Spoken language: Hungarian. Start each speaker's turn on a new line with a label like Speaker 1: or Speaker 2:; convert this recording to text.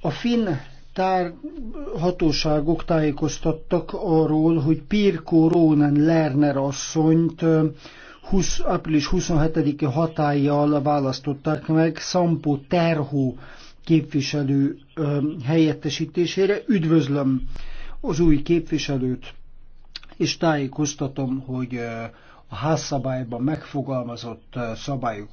Speaker 1: A finn tár hatóságok tájékoztattak arról, hogy Pirko Rónen Lerner asszonyt 20, április 27-i hatállyal választották meg Szampó Terhó képviselő helyettesítésére. Üdvözlöm az új képviselőt, és tájékoztatom, hogy a házszabályban megfogalmazott
Speaker 2: szabályok